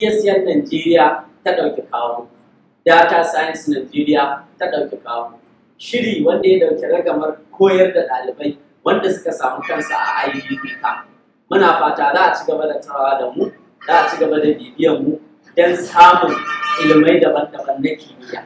gaskiyar Najeriya ta ɗauki kawo, Data Science Najeriya ta ɗauki kawo, shiri wanda ya ɗauki ragamar koyar da ɗalibai wanda suka samu kansa a IUBK. E Muna fata za a ci gaba da tarawa da mu, za a ci gaba da bibiyan mu don samun ilimai daban-daban na kimiyya.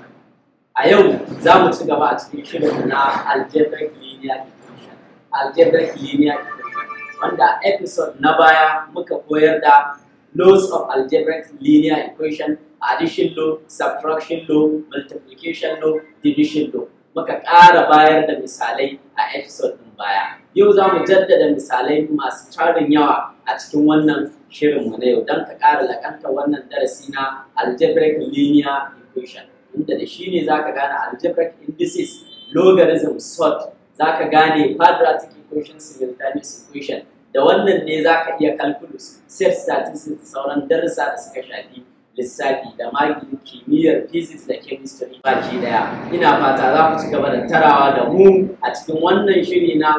A yau za mu ci gaba a cikin shirin na Algebra Linear Equation. Algebra Linear Equation wanda episode na baya muka koyar da laws of algebraic linear equation addition law subtraction law multiplication law division law muka ƙara bayar da misalai a episode ɗin baya yau za mu jaddada misalai masu tarin yawa a cikin wannan shirin mu na yau don ka ƙara lakanta wannan darasi na algebraic linear equation inda da shi ne za ka gane algebraic indices logarithm sort za ka gane quadratic equation simultaneous equation da wannan ne za ka iya calculus set statistics sauran darussa da suka shafi lissafi da magi kimiyyar physics da chemistry baki daya ina fata za ku ci gaba da tarawa da mu a cikin wannan shiri na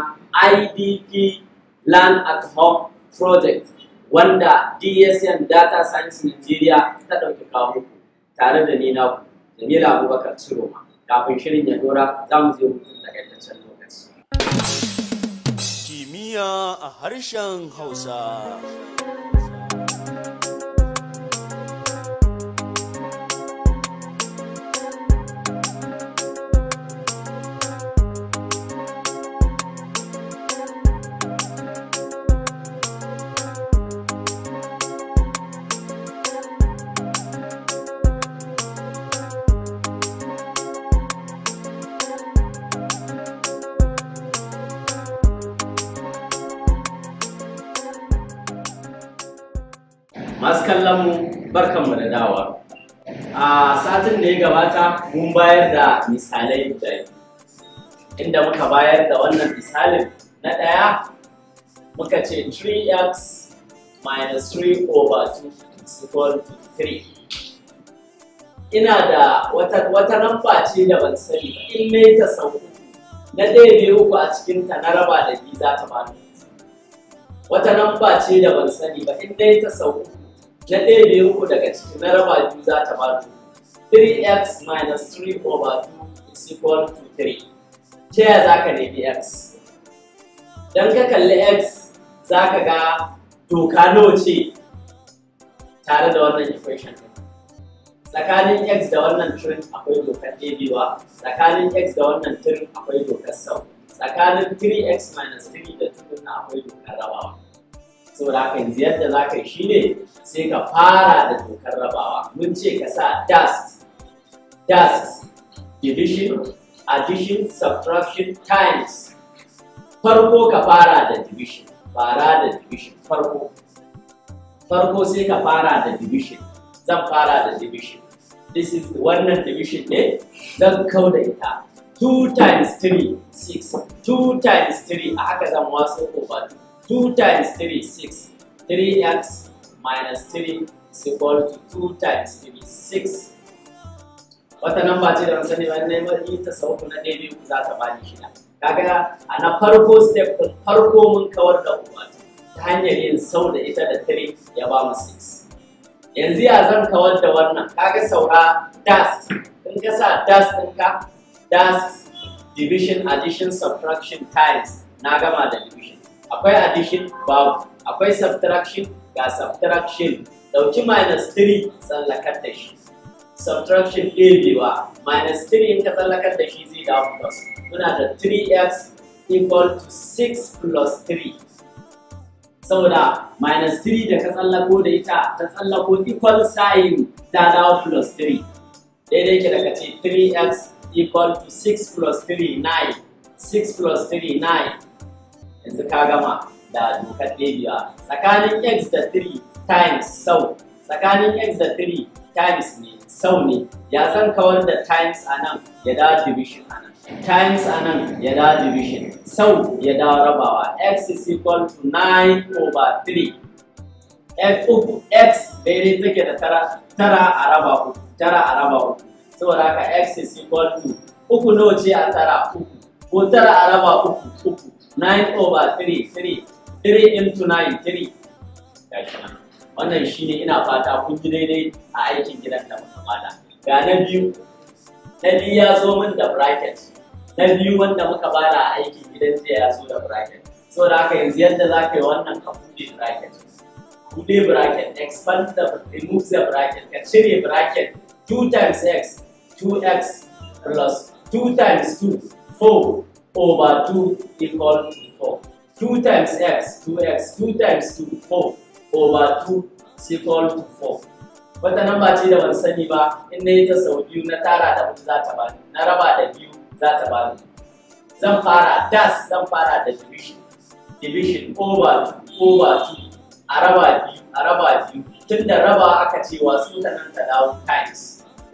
idp Land at home project wanda dsn data science nigeria ta ɗauki kawo tare da ni na jamila abubakar ciroma kafin shirin ya dora za mu je yadda can lokaci kimiyya a harshen Hausa. masu kallon mu barkanmu da dawa a satin da ya gabata mun bayar da misalai guda inda muka bayar da wannan misalin na ɗaya muka ce 3x minus 3 over 2 is equal to 3 ina da wata wata ce da ban sani ba in ne ta sauku na ɗaya biyu uku a cikinta na raba da biyu za ta bani wata namba ce da ban sani ba in dai ta sauku na ɗaya uku daga ciki na raba biyu za ta ba 3x minus 3 over 2 is equal to 3 ta yaya za ka nemi x don ka kalli x za ka ga doka nawa ce tare da wannan equation tsakanin x da wannan trin akwai dokar ɗebewa tsakanin x da wannan trin akwai dokar sau tsakanin 3x minus 3 da tukuna akwai dokar rabawa saboda haka yanzu yadda za ka yi shi ne sai ka fara da dokar rabawa mun ce ka sa dust dust division addition subtraction times farko ka fara da division fara da division farko farko sai ka fara da division zan fara da division this is wannan division ne zan kau da ita 2 times 3 6 2 times 3 a haka zan wasu over 2 2 times 3 6 3x minus 3 is equal to 2 times 3 6 wata namba ce da ban sani ba neman ita sau na daidai ku za ta bani shida kaga a na farko step din farko mun kawar da uwa ta hanyar yin sau da ita da 3 ya ba mu 6 yanzu ya zan kawar da wannan kaga saura dust in ka sa dust ɗinka dust division addition subtraction times na gama da division akwai addition babu akwai subtraction ga subtraction dauki minus 3 tsallakar da shi subtraction ɗebewa minus 3 in ka tsallakar da shi zai dawo plus muna da 3x equal to 6 plus 3 saboda minus 3 da ka tsallako da ita ta tsallako equal sign ta dawo plus 3 daidai ke daga ce 3x equal to 6 plus 3 9 6 plus 3 9 yanzu ka gama da dokar ɗabi'a tsakanin x da 3 times sau tsakanin x da 3 times ne sau ne ya zan kawar da times a nan ya da division a nan times a nan ya da division sau ya da rabawa x is equal to 9 over 3 x daidai take da tara tara a raba uku tara a raba uku saboda haka x is equal to uku nawa ce a tara uku ko tara uku uku nine over three three three into nine three gashi nan wannan shine ina fata kun ji daidai a aikin gidan da muka bada ga na biyu na biyu ya zo min da bracket na biyu wanda muka bada a aikin gidan ya zo da bracket so da haka yanzu yadda za ka yi wannan ka buɗe bracket buɗe bracket expand the remove the bracket ka cire bracket 2 times x 2x plus 2 times 2 4 over 2 equal to 4. 2 times x, 2x, 2 times 2, 4 over 2 is equal to 4. Wata namba ce da ban sani ba in na yi ta you biyu na tara da hudu za ta bani, na raba da biyu za ta bani. Zan fara das zan fara da division. Division over 2 over 2 a raba biyu a raba biyu tun da raba aka ce wasu ta nan ta dawo times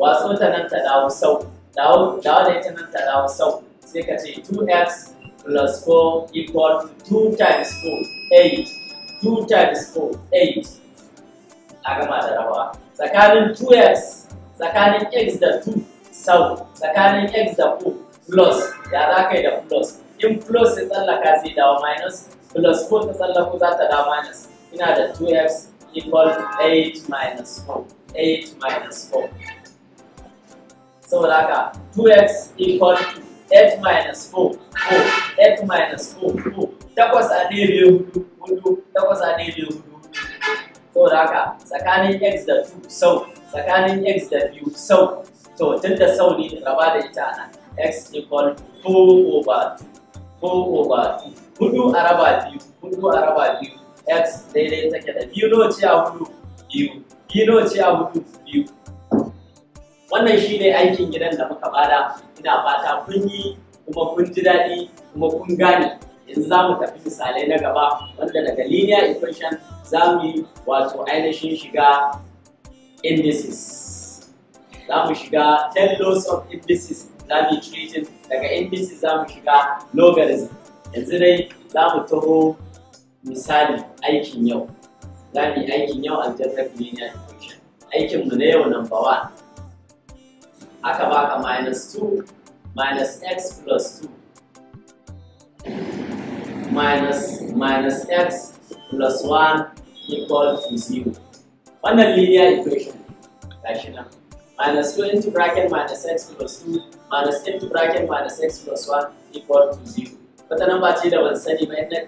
wasu ta nan ta dawo sau dawo da ita nan ta dawo sau sai 2x plus 4 equal to 2 times 4 8 2 times 4 8 Agama gama da rawa tsakanin 2x tsakanin x da 2 sau tsakanin x da 4 plus ya za da plus in plus ya tsallaka zai dawo minus plus 4 is tsallaku za ta dawo minus ina da 2x equal to 8 minus 4 8 minus 4 So, Raka, 2x equal to 8 minus 4 4 8 minus 4 4 takwas a ɗebe hudu hudu takwas a ɗebe hudu saboda haka tsakanin x da 2 sau tsakanin x da 2 sau to tun da sau ne raba da ita nan x equal 4 over 2 4 over 2 hudu araba raba biyu hudu araba raba biyu x daidai take da biyu nawa ce a hudu biyu biyu nawa ce a hudu biyu wannan shine aikin gidan da muka bada ina fata kun yi kuma kun ji daɗi kuma kun gane yanzu za mu tafi misalai na gaba wanda daga linear equation za mu yi wato ainihin shiga indices za mu shiga 10 laws of indices za mu yi treating daga indices za mu shiga logarithm yanzu dai za mu taho misali aikin yau za mu yi aikin yau algebraic linear equation aikinmu na yau number one aka baka minus 2 minus x plus 2 minus minus x plus 1 equal to 0 wannan linear equation gashi nan minus 2 into bracket minus x plus 2 minus into bracket minus x plus 1 equal to 0 wata namba ce da ban sani ba yadda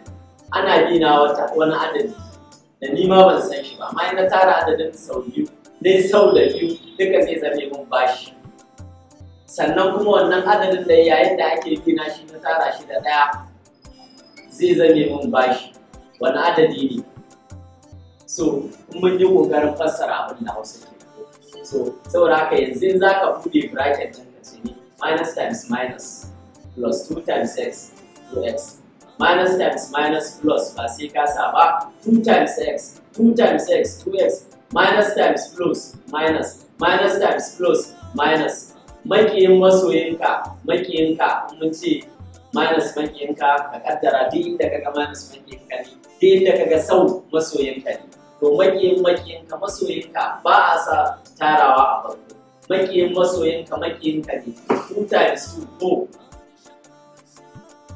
ana bi na wata wani adadi da ni ma ban san shi ba amma na tara adadin sau biyu dai sau da biyu duka zai zame mun bashi sannan kuma wannan adadin da yayin da ake gina shi na tara shi da ɗaya zai zame min bashi wani adadi ne so mun yi ƙoƙarin fassara abin da hausa ke so saboda haka yanzu za ka buɗe bracket ɗin ka ce minus times minus plus 2 times x to x minus times minus plus ba sai ka sa ba 2 times x 2 times x 2x minus times plus minus minus times plus minus makiyin masoyinka makiyinka mun ce minus makiyinka ka kaddara duk inda ka ga minus makiyinka ne duk inda ka ga sau masoyinka ne to makiyin makiyinka masoyinka ba a sa tarawa a farko makiyin masoyinka makiyinka ne two times two, ko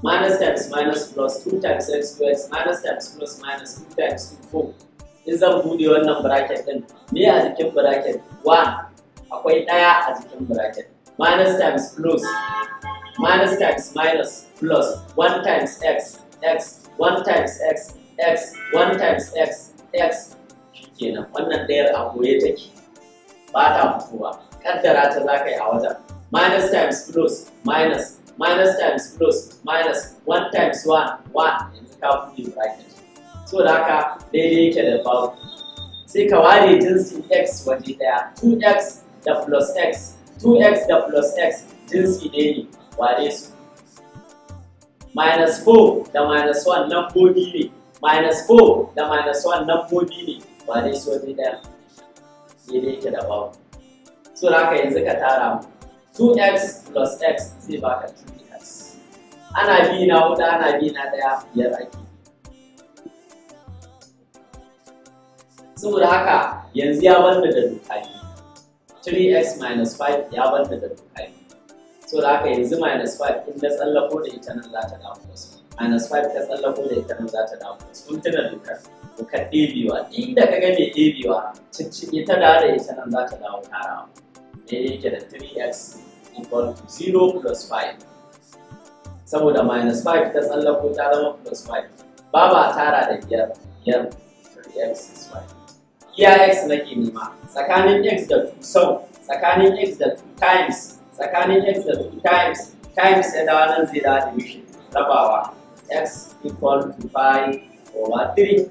minus times minus plus two times x squared minus times plus minus two times two, ko in zan bude wannan bracket din me a jikin bracket one akwai ɗaya a jikin bracket minus times plus minus times minus plus 1 times x x 1 times x x 1 times x x kenan wannan ɗayar a goye take ba ta fitowa kaddara ta za ka yi a wajen minus times plus minus minus times plus minus 1 times 1 1 yanzu ka buɗe bracket so da haka daidai yake da babu sai ka ware jinsin x waje ɗaya 2x da plus x 2x da plus x jinsi ne ne ware su minus 4 da minus 1 bodi ne minus 4 da minus 1 bodi ne ware su waje ɗaya ne ke da babu so da haka yanzu ka tara mu 2x plus x zai baka 2x ana bi na huɗu ana bi na ɗaya biyar ake saboda haka yanzu ya banda da doka biyu 3x minus 5 ya banta da bukari so da haka yanzu minus 5 in na tsallako da ita nan za ta dawo plus minus 5 ta tsallako da ita nan za ta dawo plus kun tuna dukkan dukkan ɗebewa inda ka gane ɗebewa ciccike ta da da ita nan za ta dawo karawa Me yake da 3x equal to 0 plus 5 saboda minus 5 ta tsallako ta zama plus 5 ba ba tara da biyar biyar 3x is 5 iya x nake nema tsakanin x da 2 sau tsakanin x da 2 times tsakanin x da 2 times times ya dawa nan zai da mishi rabawa x equal to 5 over 3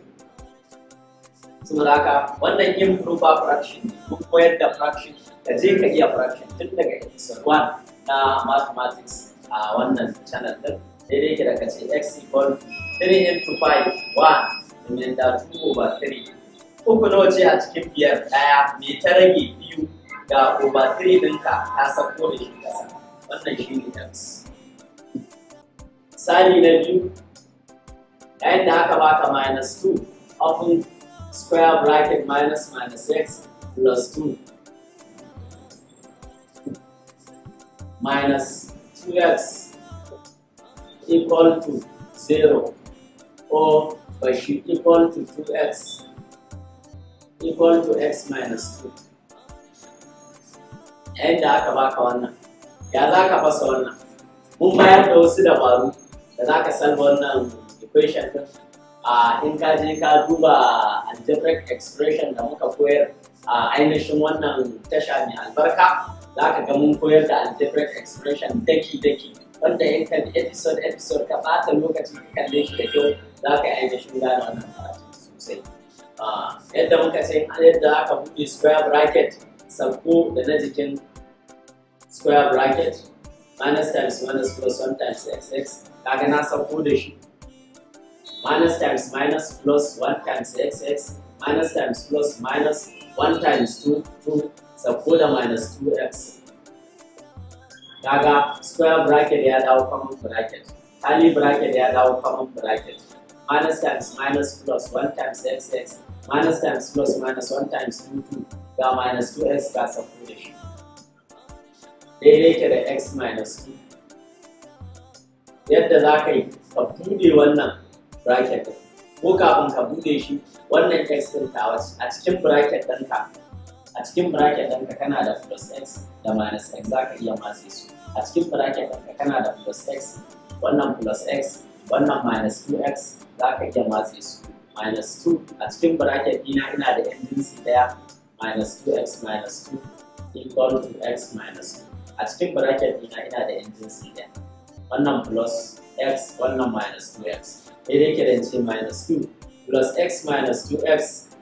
saboda haka wannan proper fraction ko koyar da fraction da je ka iya fraction tun daga episode 1 na mathematics a wannan channel din daidai ke da ka ce x equal to 3 into 5 1 and then 2 over 3 uku nawa ce a cikin biyar ɗaya mai ta rage biyu ga over three ɗinka ta sako da shi ƙasa wannan shi ne x misali na biyu yayin da aka baka minus 2 often square bracket minus minus x plus 2 minus 2x equal to 0 or by equal to 2x equal to x minus 2 da aka baka wannan ya za ka fasa wannan mun bayar da wasu dabaru da za ka san wannan equation din a in ka je ka duba algebraic expression da muka koyar a ainihin wannan tasha mai albarka za ka ga mun koyar da algebraic expression daki-daki wanda in ka episode episode ka bata lokaci ka kalle shi da kyau za ka yi ainihin gane wannan karatu sosai Ah, yadda muka ce yadda aka buɗe square bracket sauko da na jikin square bracket minus times minus plus 1 times xx kaga na sauko da shi minus times minus plus 1 times xx minus times plus minus 1 times 2 2 sauko da minus 2x kaga square bracket ya dawo common bracket curly bracket ya dawo common bracket minus times minus plus 1 times x x minus times plus minus 1 times 2 2 ga minus 2x ga sauko da They make it x minus 2 yadda za ka yi ka bude wannan bracket ɗin ko kafin ka bude shi wannan x ɗin ta a cikin bracket ɗinka a cikin bracket ɗinka kana da plus x da minus x za ka iya matse su a cikin bracket ɗinka kana da plus x wannan plus x wannan minus 2x za ka iya matse su minus 2 a cikin bracket dina ina da yan jinsi daya minus 2x minus 2 equal to x minus 2 a cikin bracket dina ina da yan jinsi daya wannan plus x wannan minus 2x daidai ke da ce minus 2 plus x minus 2x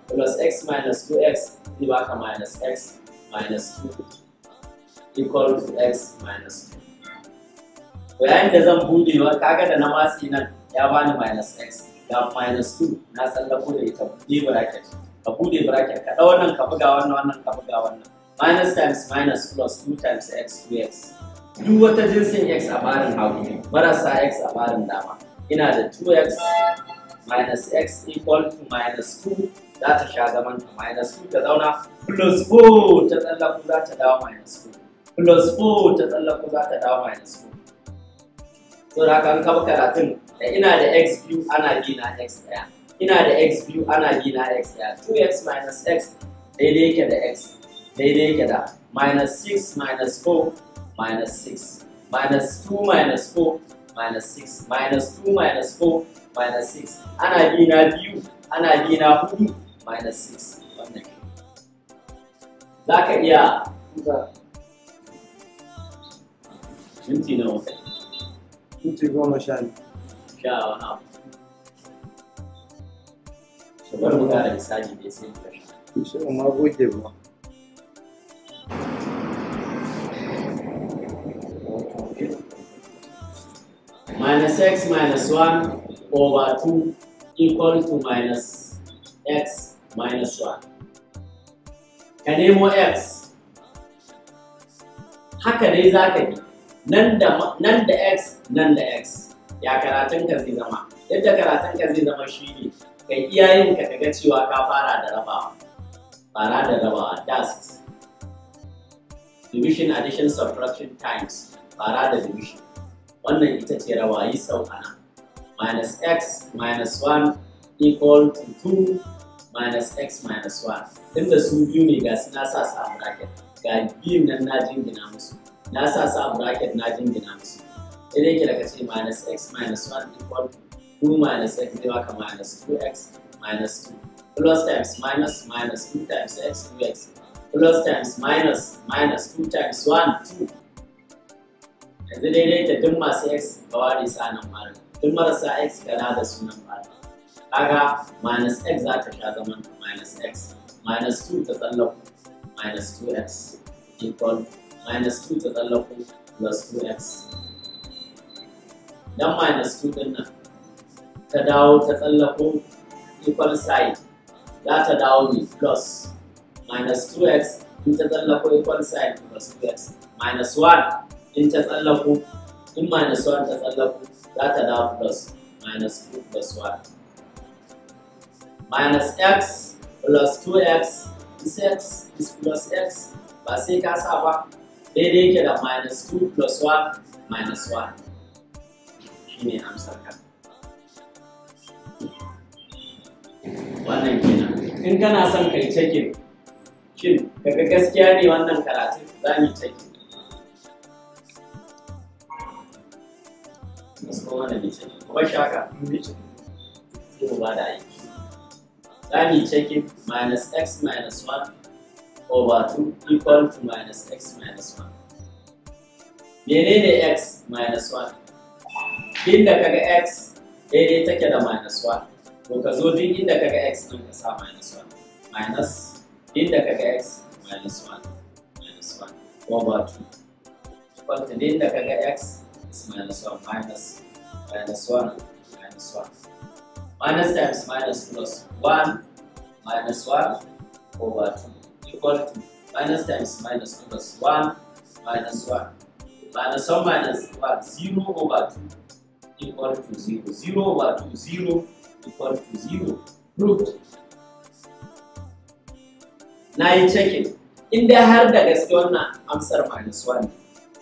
plus x minus 2x zai baka minus x minus 2 equal to x minus 2 to da zan bude wa kaga da na matsi nan ya bani minus x ga minus 2 na tsallako da ita bude bracket ka bude bracket ka dau wannan ka buga wannan wannan ka buga wannan minus times minus plus 2 times x 2x duk wata jinsin x a barin hagu marasa x a barin dama ina da 2x minus x equal to minus 2 za ta sha zaman ta minus 2 ta zauna plus 4 ta tsallaku za ta dawo minus 4 plus 4 ta tsallaku za ta dawo minus 4 saboda haka an kaba karatun da ina da x biyu ana gina na x ɗaya ina da x biyu ana gina na x ɗaya 2x minus x daidai yake da x daidai yake da minus 6 minus 4 minus 6 minus 2 minus 4 minus 6 minus 2 minus 4 minus 6 ana gina na biyu ana gina na hudu minus 6 wannan za ka iya minti na wata Minti goma sha biyu. Sha wani abu. Shabar mu gara misali da sai ka sha. Shi ma goge ba. Minus x minus 1 over 2 equal to minus x minus 1. Ka nemo x. Haka dai za ka bi. nan da x nan da x ya karatun ka zai zama yadda karatun ka zai zama ne. ka iya yin ka kaga cewa ka fara da rabawa fara da rabawa dust division addition subtraction times fara da division wannan ita ce rawa yi sau ana minus x minus 1 equal to 2 minus x minus 1 Inda su biyu ne ga suna sa sa bracket ga biyun nan na jingina musu na sa sa a bracket na jingina musu sai dai kira ka ce minus x minus 1 equal 2 minus x zai baka minus 2x minus 2 plus times minus minus 2 times x 2x plus times minus minus 2 times 1 2 yanzu daidai ta duk masu x ga ware sa nan mara duk marasa x gana da sunan mara kaga minus x za ta sha zama minus x minus 2 ta tsallaku minus 2x equal minus 2 ta tsallako plus 2x dan minus 2 din nan ta dawo ta tsallako equal side za ta dawo ne plus minus 2x in ta tsallako equal side plus 2x minus 1 in ta tsallako in minus 1 ta tsallako za ta dawo plus minus 2 plus 1 minus x plus 2x is x is plus x ba sai ka sa ba daidai yake da minus 2 plus 1 minus 1 shi ne amsar ka wannan kenan in kana son kai cekin, shin daga gaskiya ne wannan karatun za mu cekin. gaskiya wannan ne cikin kuma shaka ko ba da aiki za mu cikin minus x minus 1 over 2 equal to minus x minus 1. Menene x minus 1? Inda kaga x daidai take da minus 1. To ka zo duk inda kaga x ɗin ka sa minus 1. Minus inda kaga x minus 1 minus 1 over 2. Equal to inda kaga x is minus 1 minus minus 1 minus 1. Minus times minus plus 1 minus 1 over 2. equal to minus times minus minus 1 minus 1. Minus 1 minus 1, 0 over 2 equal to 0. 0 over 2, 0 equal to 0. Now Na yi it. In dai har da gaske na amsar minus 1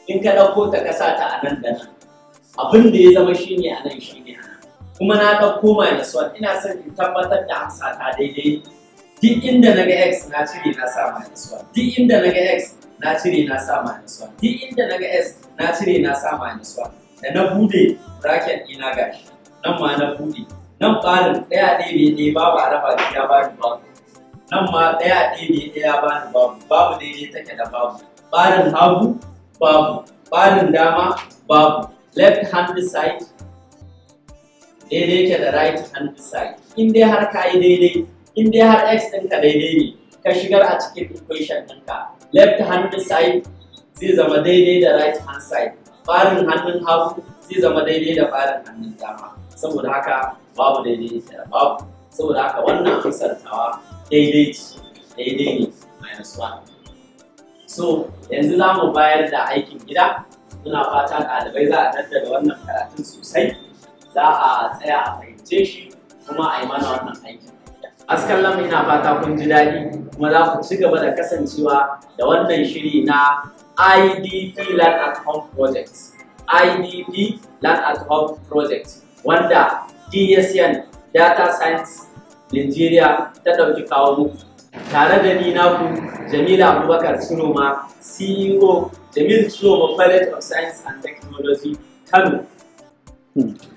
in ka ko ta kasa ta a nan da nan. Abin da ya zama shi ne a nan shi ne a Kuma na ɗauko minus 1 ina son in tabbatar da amsa ta daidai duk inda na ga x na cire na sa minus 1 duk inda na ga x na cire na sa minus 1 duk inda na ga s na cire na sa minus 1 da na bude bracket nan ma na bude nan ɓarin ɗaya ɗaya ne babu a ya ba babu nan ma ɗaya ɗaya ɗaya ba ni babu babu daidai take da babu ɓarin hagu babu ɓarin dama babu left hand side daidai ke da right hand side in dai har ka yi daidai in dai har x ɗinka daidai ne ka shigar a cikin equation ɗinka left hand side zai zama daidai da right hand side farin hannun hagu zai zama daidai da farin hannun dama saboda haka babu daidai da babu saboda haka wannan amsar tawa daidai ce daidai ne minus 1 so yanzu za mu bayar da aikin gida muna fata ɗalibai za a tattara wannan karatun sosai za a tsaya a fahimce shi kuma a yi mana wannan aikin Askallam ina fata kun ji daɗi kuma za ku ci gaba da kasancewa da wannan shiri na IDP Land at Home Project. IDP Land at Home Project wanda DSN Data Science Nigeria ta ɗauki kawo muku. Tare da ni naku Jamila Abubakar Sunoma CEO Jamil Sunoma College of Science and Technology Kano. Hmm.